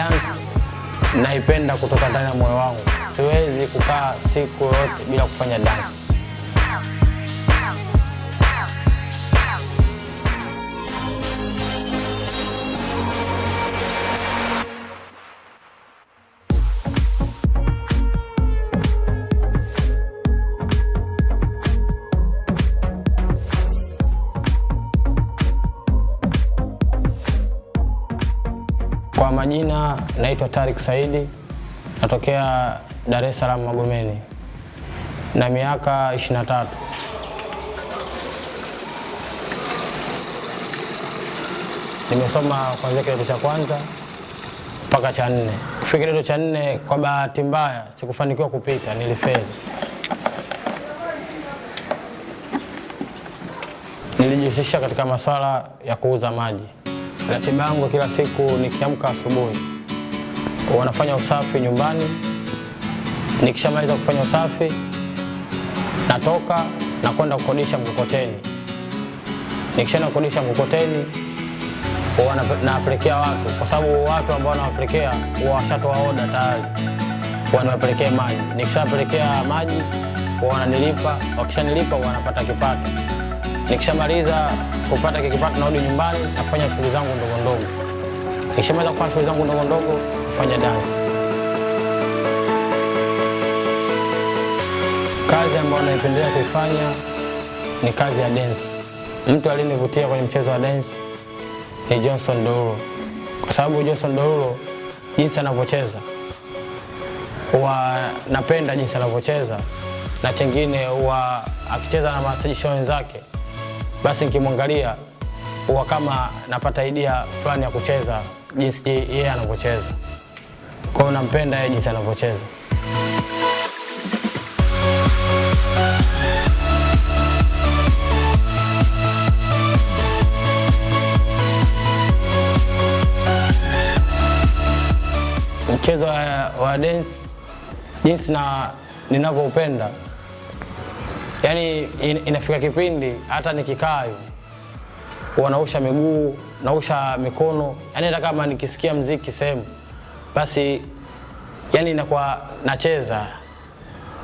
Dance naipenda kutoka ndani ya moyo wangu, siwezi kukaa siku yote bila kufanya dance. Kwa majina naitwa Tariq Saidi, natokea Dar es Salaam Magomeni na miaka 23. Nimesoma kuanzia kidato cha kwanza mpaka cha nne. Kufika kidato cha nne, kwa bahati mbaya sikufanikiwa kupita, nilifeli. Nilijihusisha katika masuala ya kuuza maji. Ratiba yangu kila siku, nikiamka asubuhi wanafanya usafi nyumbani. Nikishamaliza kufanya usafi, natoka na kwenda kukodisha mkokoteni. Nikishaenda kukodisha mkokoteni, nawapelekea watu, kwa sababu watu ambao nawapelekea huwa washatoa oda tayari, waniwapelekee maji. Nikishawapelekea maji, wananilipa. Wakishanilipa, wanapata kipato. Nikishamaliza kupata kipato narudi nyumbani nafanya shughuli zangu ndogo ndogo. Nikishamaliza kufanya shughuli zangu ndogo ndogo nafanya dansi. Kazi ambayo naipendelea kuifanya ni kazi ya dance. Mtu alinivutia kwenye mchezo wa dance ni Johnson Douro, kwa sababu Johnson Douro jinsi anavyocheza huwa napenda jinsi anavyocheza, na chengine huwa akicheza na masajisho wenzake basi nikimwangalia huwa kama napata idea fulani ya kucheza jinsi yeye anavyocheza. Kwa hiyo nampenda yeye jinsi anavyocheza. Mchezo wa, wa dance jinsi na ninavyoupenda yani in, inafika kipindi hata nikikaa wanausha miguu nausha mikono, yani hata kama nikisikia mziki sehemu basi, yani inakuwa nacheza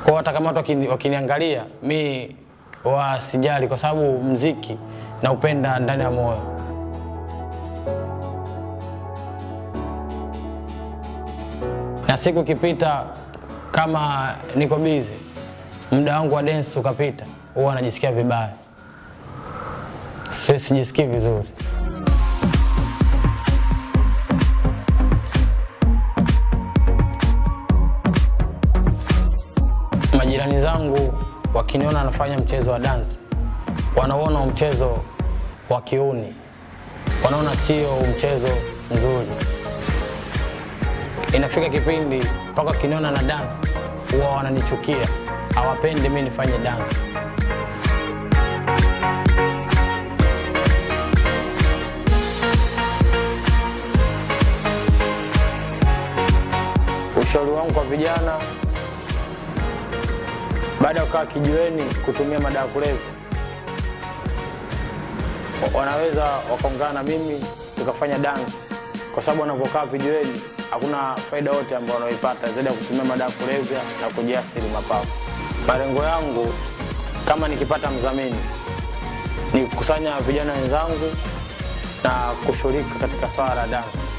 kwa hata kama watu wakiniangalia mi wasijali, kwa sababu mziki naupenda ndani ya moyo. Na siku ikipita kama niko bizi muda wangu wa dance ukapita, huwa anajisikia vibaya, siwe sijisikii vizuri. Majirani zangu wakiniona anafanya mchezo wa dansi, wanaona mchezo wa kiuni, wanaona sio mchezo mzuri. Inafika kipindi mpaka wakiniona na dansi huwa wananichukia hawapendi mimi nifanye dance. Ushauri wangu kwa vijana baada ya kukaa kijiweni kutumia madawa kulevya, wanaweza wakaungana na mimi tukafanya dance, kwa sababu wanavyokaa vijiweni hakuna faida yote ambayo wanaoipata zaidi ya kutumia madawa kulevya na kujiasiri mapafu. Malengo yangu kama nikipata mdhamini ni kukusanya vijana wenzangu na kushiriki katika swala la dansi.